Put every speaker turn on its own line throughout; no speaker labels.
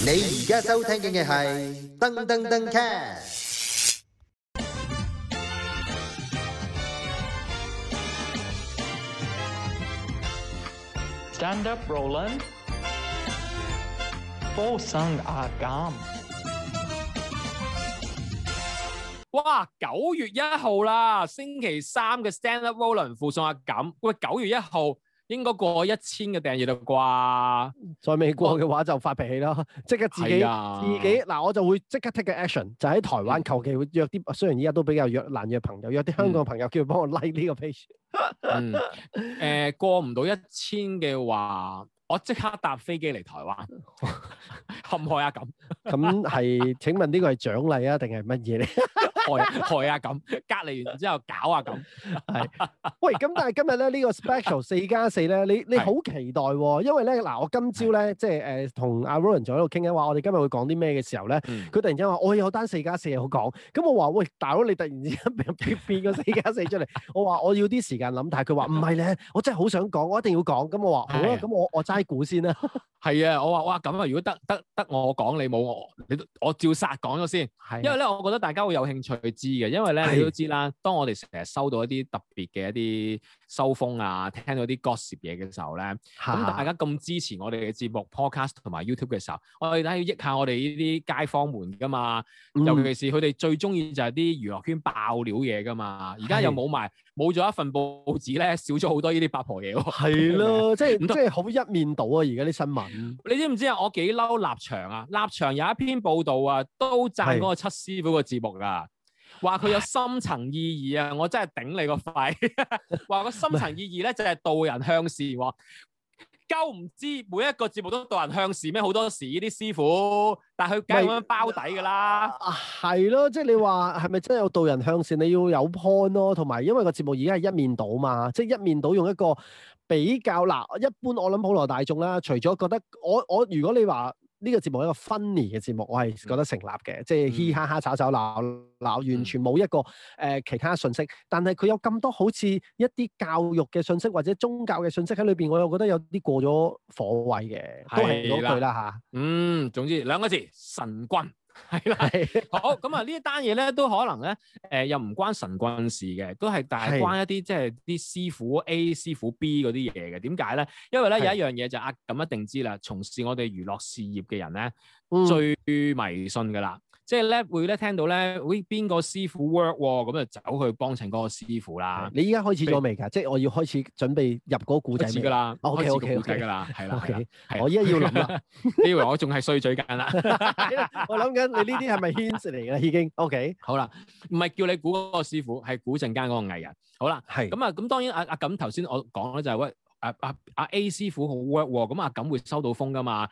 你而家收聽嘅係《噔噔噔 Cast》。
Stand up, Roland。附送阿錦。哇，九月一號啦，星期三嘅 Stand up, Roland 附送阿錦，喂，九月一號。應該過一千嘅訂閱啦啩，
再未過嘅話就發脾氣啦，即刻自己、啊、自己嗱，我就會即刻 take action 就喺台灣求其會約啲，嗯、雖然而家都比較約難約朋友，約啲香港朋友叫佢幫我 like 呢個 page。
誒、 嗯呃，過唔到一千嘅話，我即刻搭飛機嚟台灣，
陷害 啊咁咁係？請問呢個係獎勵啊，定係乜嘢咧？
害啊咁，隔離完之後搞啊咁，係。
喂，咁但係今日咧呢個 special 四加四咧，你你好期待喎，因為咧嗱，我今朝咧即係誒同阿 Roland 仲喺度傾緊話，我哋今日會講啲咩嘅時候咧，佢突然之間話我有單四加四嘢好講，咁我話，喂大佬，你突然之間變變個四加四出嚟，我話我要啲時間諗下，但係佢話唔係咧，我真係好想講，我一定要講，咁我話好啊，咁我我齋估先啦。
係啊，我話哇咁啊，如果得得得我講你冇我，你我照殺講咗先，係。因為咧，我覺得大家會有興趣。佢知嘅，因為咧是你都知啦。當我哋成日收到一啲特別嘅一啲收風啊，聽到啲 gossip 嘢嘅時候咧，咁、啊、大家咁支持我哋嘅節目 podcast、啊、同埋 YouTube 嘅時候，我哋睇要益下我哋呢啲街坊們噶嘛。嗯、尤其是佢哋最中意就係啲娛樂圈爆料嘢噶嘛。而家又冇埋冇咗一份報紙咧，少咗好多呢啲八婆嘢喎、啊。係咯、
啊， 即係 即係好一面倒啊！而家啲新聞，
你知唔知啊？我幾嬲立場啊！立場有一篇報導啊，都讚嗰個七師傅個節目噶、啊。話佢有深層意義啊！我真係頂你個肺。話 個深層意義咧， 就係道人向善、啊。夠唔知每一個節目都道人向善咩？好多時呢啲師傅，但係佢梗係咁樣包底噶啦。
係咯、啊，即係你話係咪真係有道人向善？你要有 point 咯，同埋因為個節目而家係一面倒嘛，即係一面倒用一個比較。嗱，一般我諗普羅大眾啦，除咗覺得我我如果你話。呢個節目一個分 u 嘅節目，我係覺得成立嘅，嗯、即係嘻哈哈、吵吵鬧鬧，完全冇一個誒、呃、其他信息。但係佢有咁多好似一啲教育嘅信息或者宗教嘅信息喺裏邊，我又覺得有啲過咗火位嘅，都係嗰對啦吓，
的嗯，總之兩個字神棍。係啦，係 好咁啊！呢一單嘢，咧都可能咧，誒、呃、又唔關神棍事嘅，都係但係關一啲的即係啲師傅 A 師傅 B 嗰啲嘢嘅。點解咧？因為咧的有一樣嘢就是，啊咁一定知啦，從事我哋娛樂事業嘅人咧最迷信噶啦。嗯即係咧，會咧聽到咧，喂，邊個師傅 work 喎，咁就走去幫襯嗰個師傅啦。你依家開始咗未
㗎？即係我要開始準備入嗰個古仔噶啦，開始古仔噶啦，係啦，係。我依家要諗
啦，呢位我仲係衰嘴間啦。
我諗緊你呢啲係咪 hints 嚟㗎？已經 OK，好
啦，唔係叫你估嗰個師傅，係估陣間嗰個藝人。好啦，係。咁啊，咁當然阿阿錦頭先我講咧就係喂。啊啊啊！A 師傅好 work 喎，咁阿錦會收到風噶嘛？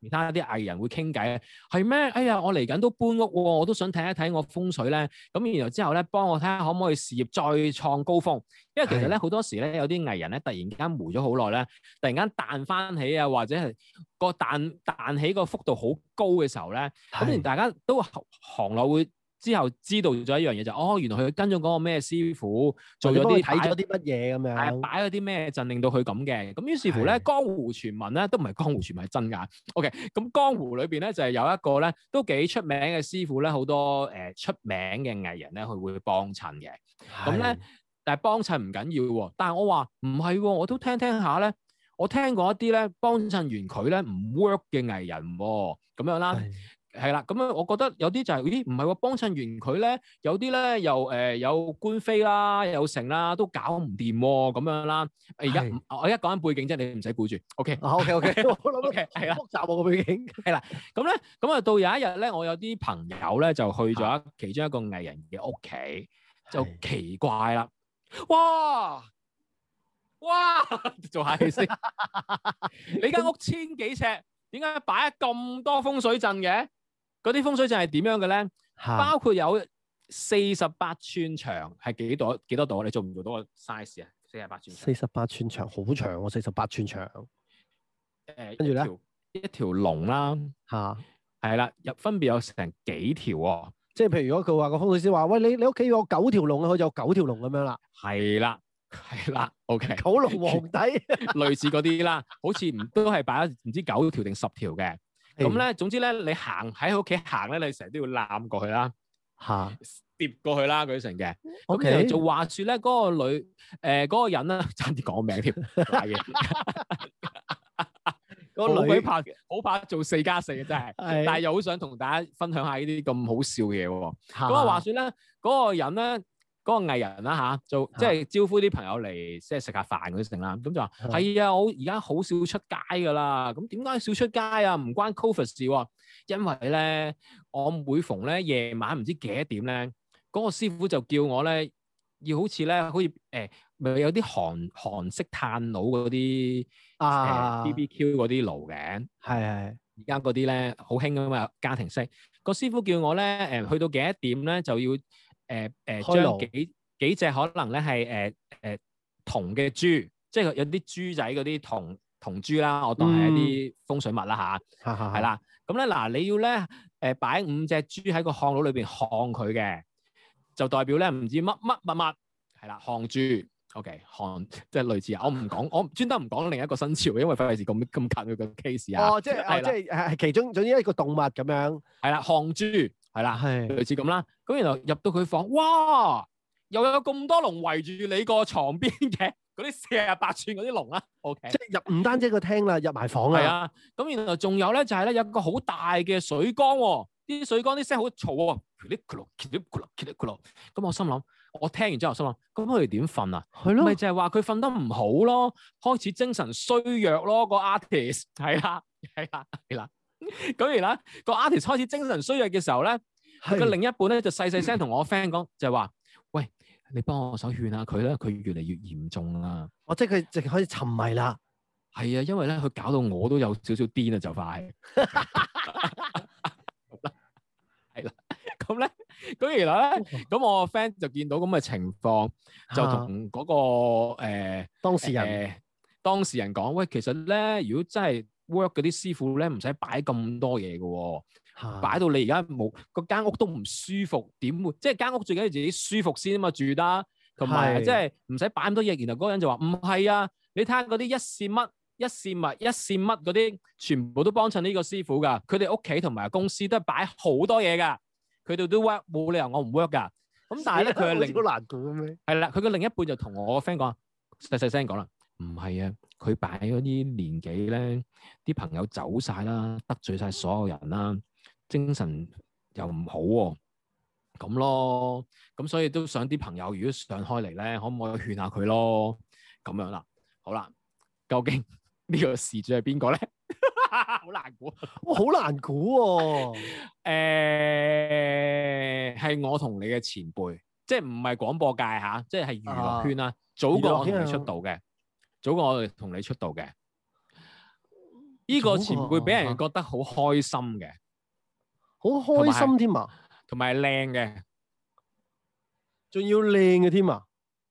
其他啲藝人會傾偈，係咩？哎呀，我嚟緊都搬屋喎，我都想睇一睇我風水咧。咁然之後咧，幫我睇下可唔可以事業再創高峰？因為其實咧好的多時咧有啲藝人咧突然間霉咗好耐咧，突然間彈翻起啊，或者係個彈彈起個幅度好高嘅時候咧，咁的然大家都行落內會。之後知道咗一樣嘢就是，哦，原來佢跟咗嗰個咩師傅做咗啲，睇咗啲乜嘢咁樣，擺咗啲咩陣令到佢咁嘅。咁於是乎咧，的江湖傳聞咧都唔係江湖傳聞係真㗎。OK，咁江湖裏邊咧就係、是、有一個咧都幾、呃、出名嘅師傅咧，好多誒出名嘅藝人咧佢會幫襯嘅。咁咧的，但係幫襯唔緊要喎、啊。但係我話唔係喎，我都聽聽下咧，我聽過一啲咧幫襯完佢咧唔 work 嘅藝人喎、啊，咁樣啦。 係啦，咁啊，我覺得有啲就係，咦，唔係話，幫襯完佢咧，有啲咧又誒有官妃啦，有城啦，都搞唔掂喎，咁樣啦。而家我而家講緊背景啫，你唔使顧住。O K，好，O K，O K，係啦，複雜我個背景。係啦，咁咧，咁啊，到有一日咧，我有啲朋友咧就去咗其中一個藝人嘅屋企，就奇怪啦，哇哇，做下氣息，你間屋千幾尺，點解擺咁多風水陣嘅？嗰啲風水就係點樣嘅咧？啊、包括有四十八寸長，係幾多幾多度？你做唔做到個 size 啊？四十八寸。四十八
寸長，好長喎！四十八寸長。
誒、啊，跟住咧，一條龍啦，吓係啦，入分別有成幾條喎、
啊？即係譬如如果佢話個風水師話，喂，你你屋企有九條龍，佢就有九條龍咁樣啦。
係啦，係啦，OK。
九龍皇
帝。 類似嗰啲啦，好似唔都係擺唔知九條定十條嘅。咁咧、嗯，總之咧，你行喺屋企行咧，你成日都要攬過去啦，嚇哈，跌過去啦舉成嘅。O K，做話説咧，嗰、那個女，誒、呃、嗰、那個人啦，差啲講名添，大嘅。個女拍好怕，的怕做四加四嘅真係，的但係又好想同大家分享下呢啲咁好笑嘅嘢喎。咁啊哈話説咧，嗰、那個人咧。那個人呢嗰個藝人啦吓，就即係招呼啲朋友嚟，即係食下飯嗰啲成啦。咁就話係啊，我而家好少出街噶啦。咁點解少出街啊？唔關 COVID 事喎。因為咧，我每逢咧夜晚唔知幾多點咧，嗰個師傅就叫我咧，要好似咧，好似誒，咪有啲韓韓式炭爐嗰啲啊 BBQ 嗰啲爐嘅。係係。而家嗰啲咧好興㗎嘛，家庭式。個師傅叫我咧誒，去到幾多點咧就要。誒誒，將、呃、幾幾隻可能咧係誒誒銅嘅豬，即係有啲豬仔嗰啲銅銅豬啦，我當係一啲風水物啦吓，係啦、嗯。咁咧嗱，你要咧誒擺五隻豬喺個巷路裏邊看佢嘅，就代表咧唔知乜乜物物係啦，巷豬。O K. 巷即係類似啊，我唔講，我專登唔講另一個生肖，因為費事咁咁近嘅 case 啊。哦，即係了、哦、即係
其中總之一個動物咁樣。
係啦、巷、啊、豬。係啦，係類似咁啦。咁然後入到佢房，哇！又有咁多籠圍住你個床邊嘅嗰啲四十八寸嗰啲籠啦。OK，即係
入唔單止個廳啦，入埋房啊。
咁然後仲有咧，就係咧有個好大嘅水缸，哦，啲水缸啲聲好嘈啊，咁我心諗，我聽完之後心諗，咁佢哋點瞓啊？係咯，咪就係話佢瞓得唔好咯，開始精神衰弱咯，個 artist 係啦，係啦，係啦。咁而啦，然啊那個 artist 開始精神衰弱嘅時候咧，佢個是另一半咧就細細聲同我 friend 講，就話、就是：喂，你幫我手勸下佢啦，佢越嚟越嚴重啦。哦，即係佢直開始沉迷啦。係啊，因為咧佢搞到我都有少少癲啊，就快。係啦，咁咧，咁而啦咁我個 friend 就見到咁嘅情況，就同嗰、那個誒、呃啊、當事人、呃、當事人講：喂，其實咧，如果真係。work 嗰啲師傅咧，唔使擺咁多嘢嘅，擺到你而家冇個間屋都唔舒服，點會？即係間屋最緊要自己舒服先啊嘛，住得同埋即係唔使擺咁多嘢。然後嗰個人就話：唔係啊，你睇下嗰啲一線乜、一線乜、一線乜嗰啲，全部都幫襯呢個師傅㗎。佢哋屋企同埋公司都係擺好多嘢㗎，佢哋都 work 冇理由我唔 work 㗎。咁
但係咧，佢係另。
係啦，佢嘅另一半就同我個 friend 講啊，細細聲講啦。唔係啊，佢擺嗰啲年紀咧，啲朋友走晒啦，得罪晒所有人啦，精神又唔好喎、啊，咁咯，咁所以都想啲朋友如果上開嚟咧，可唔可以勸下佢咯？咁樣啦，好啦，究竟個呢個事主係邊個咧？好 難估猜，好、哦、難估喎、哦！誒、 欸，係我同你嘅前輩，即係唔係廣播界吓、啊，即係娛樂圈啦，啊、早過我哋出道嘅。啊 早過我同你出道嘅，呢個前輩俾人覺得好開心嘅，
好開心添啊，
同埋靚嘅，仲要靚嘅添啊，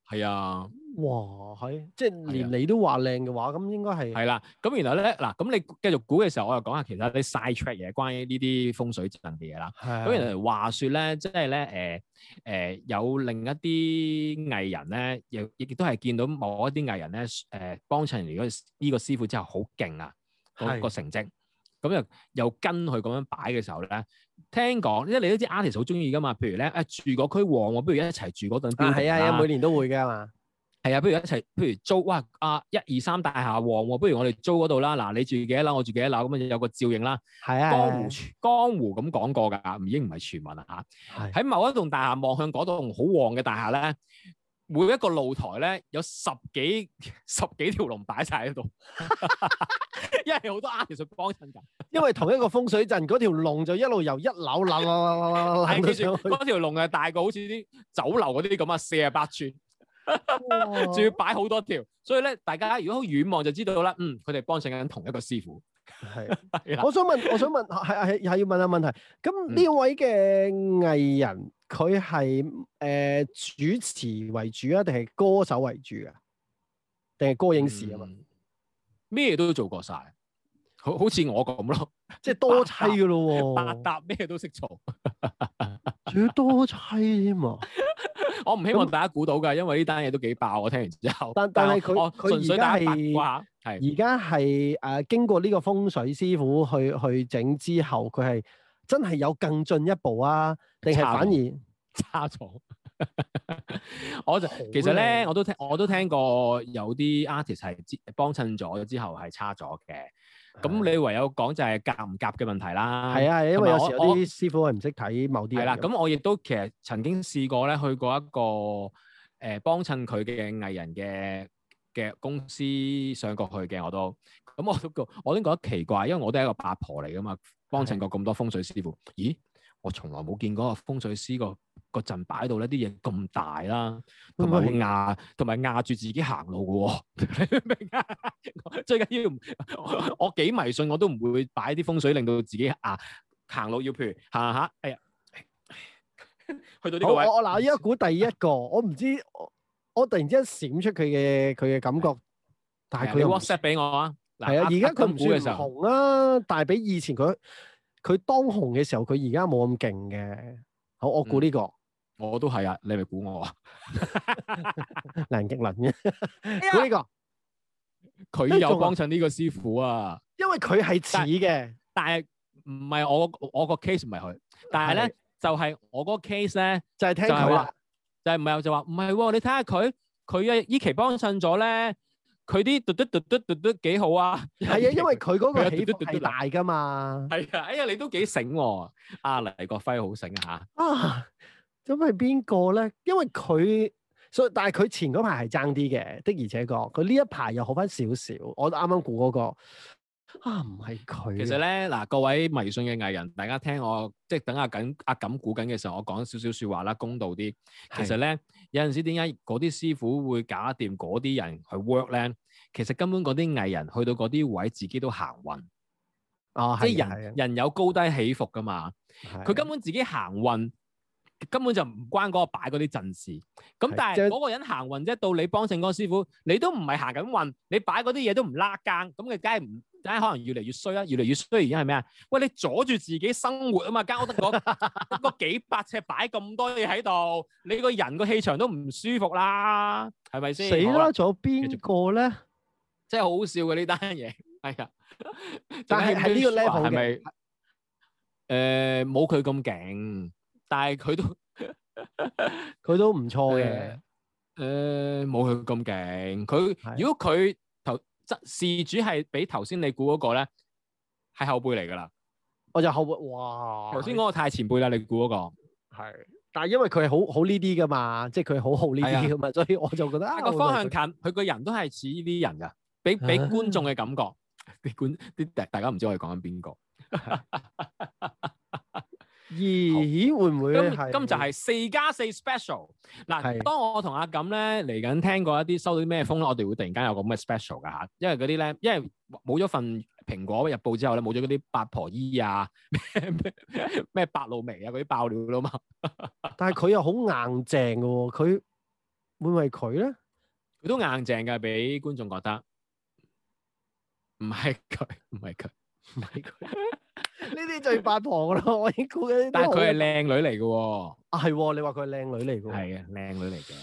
係啊。
哇，係，即係連你都話靚嘅話，咁應該係係
啦。咁原來咧，嗱，咁你繼續估嘅時候，我又講下其他啲 side track 嘢，關於呢啲風水陣嘅嘢啦。係的。咁原來話説咧，即係咧，誒、呃、誒、呃，有另一啲藝人咧，亦亦都係見到某一啲藝人咧，誒幫襯完呢個師傅之後，好勁啊，嗰、嗰個成績。咁又的又跟佢咁樣擺嘅時候咧，聽講，因為你都知 artist 好中意噶嘛。譬如咧，誒住嗰區旺我不如一齊住嗰棟，啊。係啊，每年都會嘅嘛。係啊，不如一齊，不如租哇，啊一二三大廈旺喎，不如我哋租嗰度啦。嗱，你住幾多樓，我住幾多樓，咁啊有個照應啦。係啊，江湖江湖咁講過噶，已經唔係傳聞啦吓。係喺某一棟大廈望向嗰棟好旺嘅大廈咧，每一個露台咧有十幾十幾條龍擺晒喺度，因為好
多阿條水幫襯噶。因為同一個風水陣，嗰條龍就一路由一樓，拉拉拉
拉拉係，嗰條龍啊大過好似啲酒樓嗰啲咁啊，四啊八寸。仲哇要擺好多條，所以咧，大家如果好遠望就知道啦。嗯，佢哋幫襯緊同一個師傅。
係的 我想問，我想問，係係係要問下問題。咁呢位嘅藝人，佢係誒主持為主啊，定係歌手為主啊？定係歌影視啊？嘛、嗯，
咩都做過晒，好好似我咁咯，即係多棲噶咯。百搭咩都識做。
仲要多妻添啊！
我唔希望大家估到噶，那因為呢單嘢都幾爆啊。我聽完之後，但但係佢佢而家係
而家係誒，經過呢個風水師傅去去整之後，佢係真係有更進一步啊？定係反而差咗？差
我就其實咧，我都聽我都聽過有啲 artist 係幫襯咗之後係差咗嘅。咁你唯有講就係夾唔夾嘅問題啦。係啊，係因為有，有時啲
師傅係唔識睇某啲嘢。係啦，咁
我亦都其實曾經試過咧，去過一個誒幫襯佢嘅藝人嘅嘅公司上過去嘅我都。咁我都覺，我都覺得奇怪，因為我都係一個八婆嚟噶嘛，幫襯過咁多風水師傅，的咦？我從來冇見過個風水師個。個陣擺喺度咧，啲嘢咁大啦，同埋壓，同埋壓住自己行路嘅喎，哦，明唔明啊？最緊要我幾迷信，我都唔會擺啲風水令到自己壓、啊、行路要。要譬如行下，哎呀，去到呢個位，我嗱而家
估第一個，我唔知我，我突然之間閃出佢嘅佢嘅感覺，的但係佢有
WhatsApp 俾我不不啊，係啊，而家佢唔算紅
啦，但係比以前佢佢、嗯、當紅嘅時候，佢而家冇咁勁嘅。好，我估呢、呢個。我都係啊，你咪估我啊 ondan，梁
極倫嘅，呢個佢有幫襯呢個師傅啊，因為佢係似嘅，但係唔係我我個 case 唔係佢，但係咧就係我嗰個 case 咧就係聽佢話，就係唔係我就話唔係，你睇下佢，佢啊依期幫襯咗咧，佢啲嘟嘟嘟嘟嘟嘟幾好啊，係啊，
因為佢嗰個幾大噶嘛，
係啊，哎呀你都幾醒，阿黎國輝好醒啊吓
咁係邊個咧？因為佢，所以但係佢前嗰排係爭啲嘅，的而且確。佢呢一排又好返少少。我都啱啱估嗰個啊，唔係佢。其實
咧，嗱各位迷信嘅藝人，大家聽我即係等阿錦阿錦估緊嘅時候，我講少少説話啦，公道啲。其實咧，的有陣時點解嗰啲師傅會搞掂嗰啲人去 work 咧？其實根本嗰啲藝人去到嗰啲位，自己都行運。啊、哦，即係人的人有高低起伏㗎嘛。佢的的根本自己行運。根本就唔關嗰個擺嗰啲陣勢，咁但係嗰個人行運啫。到你幫襯江師傅，你都唔係行緊運，你擺嗰啲嘢都唔拉更，咁佢梗係唔，梗係可能越嚟越衰啦，越嚟越衰而家係咩啊？喂，你阻住自己生活啊嘛，間屋得嗰嗰幾百尺擺咁多嘢喺度，你個人個氣場都唔舒服啦，係咪先？死啦！
仲有邊個咧？
真係好好笑嘅呢單嘢，
係啊，但係喺呢個 level 係咪？
誒，冇佢咁勁。但係佢都
佢 都唔錯嘅，
誒冇佢咁勁。佢、嗯、的如果佢頭質事主係比頭先你估嗰個咧，係後輩嚟噶啦。
我就後輩，哇！頭先嗰個太前輩啦，你估嗰個。係的，但係因為佢係好好呢啲噶嘛，即係佢好好呢啲噶嘛，的所以我就覺得 啊，個方向近。
佢個人都係似呢啲人噶，俾俾觀眾嘅感覺。
俾觀啲
大家唔知我哋講緊邊個？ 咦？會唔會？今今就係四加四 special 嗱。當我同阿錦咧嚟緊聽過一啲收到啲咩風咧，我哋會突然間有個咁嘅 special 㗎嚇。因為嗰啲咧，因為冇咗份蘋果日報之後咧，冇咗嗰啲八婆衣啊，咩咩咩白露眉啊嗰啲爆料
啦嘛。但係佢又好硬淨㗎喎，佢會唔會係佢咧？
佢都硬淨㗎，俾觀眾覺得
唔係佢，唔係佢，唔係佢。呢啲最八婆咯，我已經估緊。但係佢係靚女嚟嘅喎，啊係喎、哦，你話佢係靚女嚟嘅，係啊靚女嚟嘅。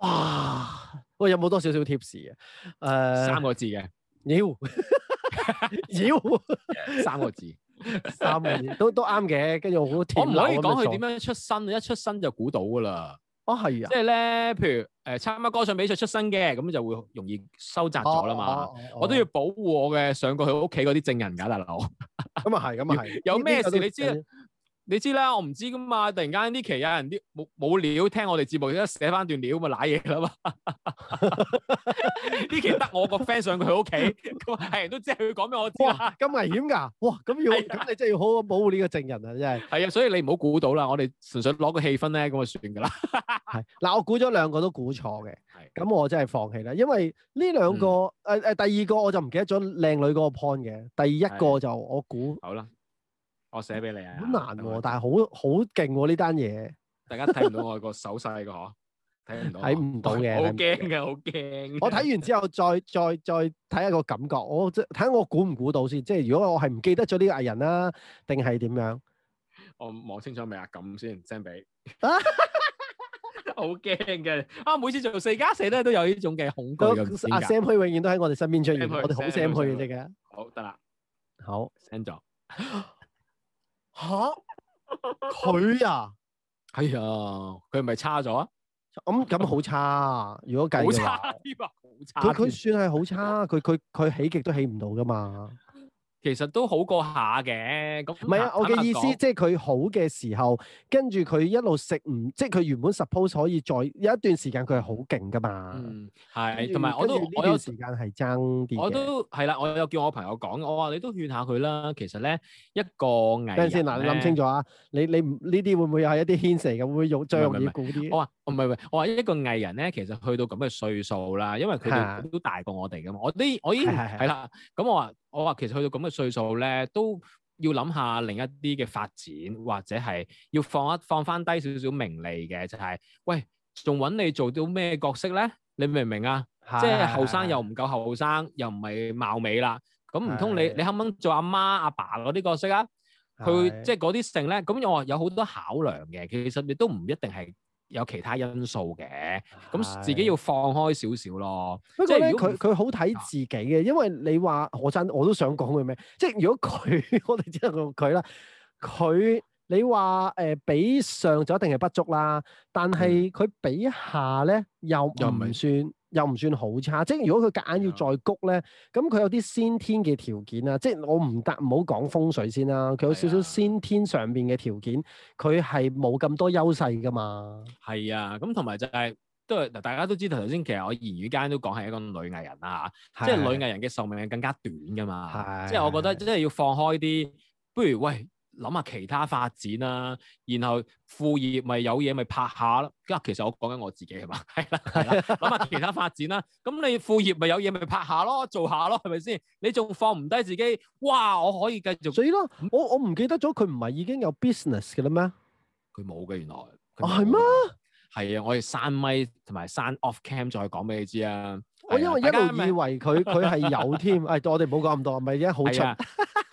哇，喂有冇多少少 tips 啊？誒、呃、三個字嘅，妖妖 三個字， 三個字都都啱嘅。跟住我好，我唔可以講佢點
樣出生，一出生就估到㗎啦。哦，係啊，即係咧，譬如誒、呃、參加歌唱比賽出身嘅，咁就會容易收窄咗啦嘛。哦哦哦、我都要保護我嘅上過去屋企嗰啲證人噶、啊、大佬。咁啊係，咁啊係。嗯嗯嗯、有咩事你知？你知啦，我唔知噶嘛。突然間呢期有人啲冇冇料聽我哋節目，而家寫翻段料，咪賴嘢啦嘛。呢期得我個 friend 上佢屋企，佢話係人都知，佢講畀我知，
咁危險噶，哇！咁要咁你真係要好好保護呢個證人啊，真係。係啊，所以你唔好估到
啦。我哋純粹攞個氣氛咧，咁就算㗎啦。
係嗱，我估咗兩個都估錯嘅。係。咁我真係放棄啦，因為呢兩個誒誒第二個我就唔記得咗靚女嗰個 point 嘅，第一個就我估。好啦。
我寫俾你啊！
好難喎，但係好好勁喎呢單嘢，
大家睇唔到我個手勢嘅嗬？睇唔到？睇唔到嘅，好驚嘅，好驚！我睇完之
後再再再睇下個感覺，我睇下我估唔估到先，即係如果我係唔記得咗呢個藝人啦，定係點樣？
我望清楚未啊？咁先，send 俾，好驚嘅，啊每次做四加四咧都有呢種嘅恐懼嘅性格。阿 Sam 可
以永遠都喺我哋身邊出現，我哋好 Sam 去嘅啫。好得啦，好 send 咗。吓佢啊，哎呀，佢唔係差咗啊？咁咁好差，如果計好差啲佢佢算係好差，佢佢佢起極都起唔到噶嘛。
其實都好過下嘅，咁唔係啊！我嘅意思
即係佢好嘅時候，跟住佢一路食唔即係佢原本 suppose 可以再有一段時間佢係好勁噶嘛。嗯，
係同埋我都我有時
間係爭啲嘅。我都
係啦，我有叫我朋友講，我話你都勸下佢啦。其實咧，一個藝人，等陣先嗱，你諗清
楚啊！你你呢啲會唔會係一啲牽涉嘅？會用最容易估啲。我話
唔係唔係，我話一個藝人咧，其實去到咁嘅歲數啦，因為佢都大過我哋噶嘛。我呢我已經係啦，咁我話。我話其實去到咁嘅歲數咧，都要諗下另一啲嘅發展，或者係要放一放翻低少少名利嘅。就係喂，仲揾你做到咩角色咧？你明唔明啊？即係後生又唔夠後生，又唔係貌美啦，咁唔通你你肯唔肯做阿媽阿爸嗰啲角色啊？去即係嗰啲性咧，咁我話有好多考量嘅，其實你都唔一定係。有其他因素嘅，咁自己要放
開少少咯。不過佢、佢好睇自己嘅，因為你話我真我都想講佢咩？即係如果佢，我哋只能佢啦，佢、你話誒比上就一定係不足啦，但係佢比下咧又唔算。又又唔算好差，即係如果佢夾硬要再谷咧，咁佢、嗯、有啲先天嘅條件啊。嗯、即係我唔得唔好講風水先啦，佢、嗯、有少少先天上邊嘅條件，佢係冇咁多優勢噶嘛。
係、嗯、啊，咁同埋就係、是、都係嗱，大家都知道頭先其實我言語間都講係一個女藝人啦，即係、啊、女藝人嘅壽命係更加短噶嘛。係、啊，即係我覺得即係要放開啲，不如喂。諗下其他發展啦、啊，然後副業咪有嘢，咪拍下咯。咁其實我講緊我自己係嘛，係啦，係啦。諗下 其他發展啦、啊，咁你副業咪有嘢，咪拍下咯，做下咯，係咪先？你仲放唔低自己？
哇，我可以繼續。所以咯，我我唔記得咗，佢唔係已經有 business 嘅啦咩？佢冇嘅原來。哦，係咩？
係啊，我哋閂咪，同埋閂 off cam 再講俾你知啊。我因為我一路以為
佢佢係有添，誒、 哎，我哋唔好講咁多，咪而家好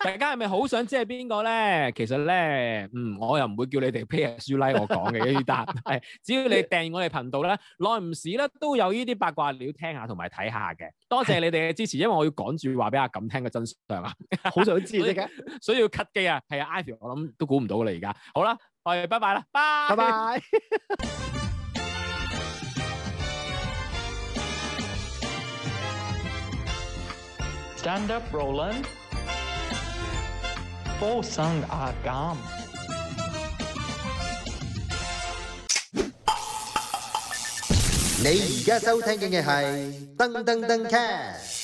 大家係咪好想知係邊個咧其實咧嗯，我又唔會叫你哋 Pay As You Like subscription 我講嘅，但係 只要你訂我哋頻道咧耐唔時，咧都有呢啲八卦你要聽下同埋睇下嘅。多謝 你哋嘅支持，因為我要趕住話俾阿咁聽嘅真相啊，好 想知 所以，所以，所以要 cut 機啊。係啊，Ivy 我諗都估唔到噶啦，而家好啦，我哋拜拜啦，拜拜。Stand up, Roland 包生阿
甘，你而家收聽嘅嘢係噔噔噔 cast。